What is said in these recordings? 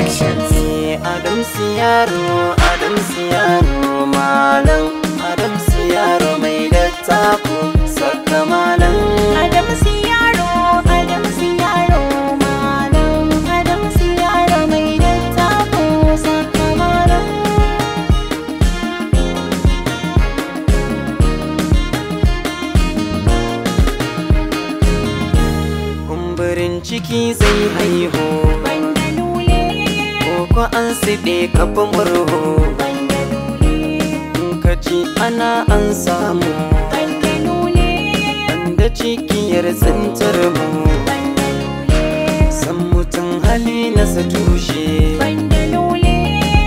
actions Adam Siyaro, Adam Siyaro Malam Adam Siyaro mai littafo Saka malam Adam Siyaro, Adam Siyaro Malam Adam Siyaro mai littafo Saka malam Kumburin ciki sai haihu ko an siɗe kafin ka ci ana an samu da cikiyar tsintar mu san mutum hali na satushe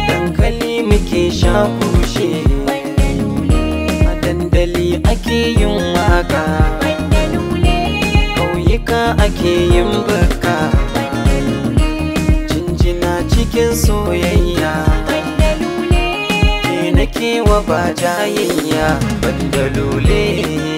dankali muke sha kushe a dandali ake yin waka ƙauyuka ake yin baka soyayya bandalule ne nake wa ba jayayya bandalule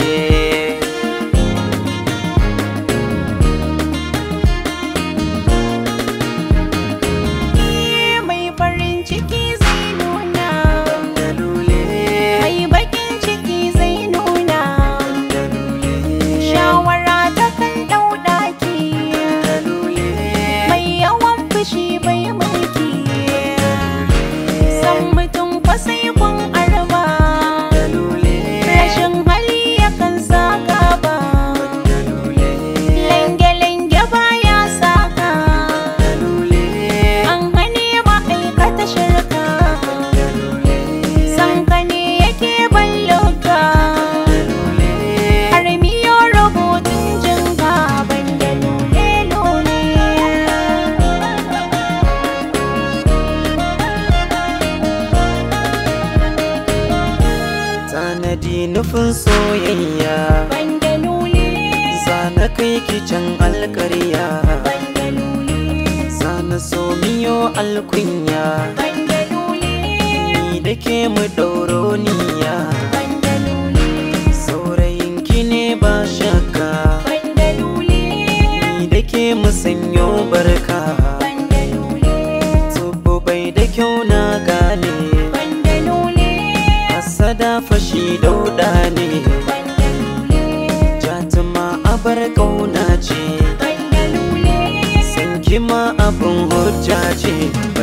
muradi nufin soyayya zana kai kicin alkarya zana so miyo alkunya banda ni da ke mu dauro ni fashi dauda ne jatima abar kauna ce sanki ma abin hujja ce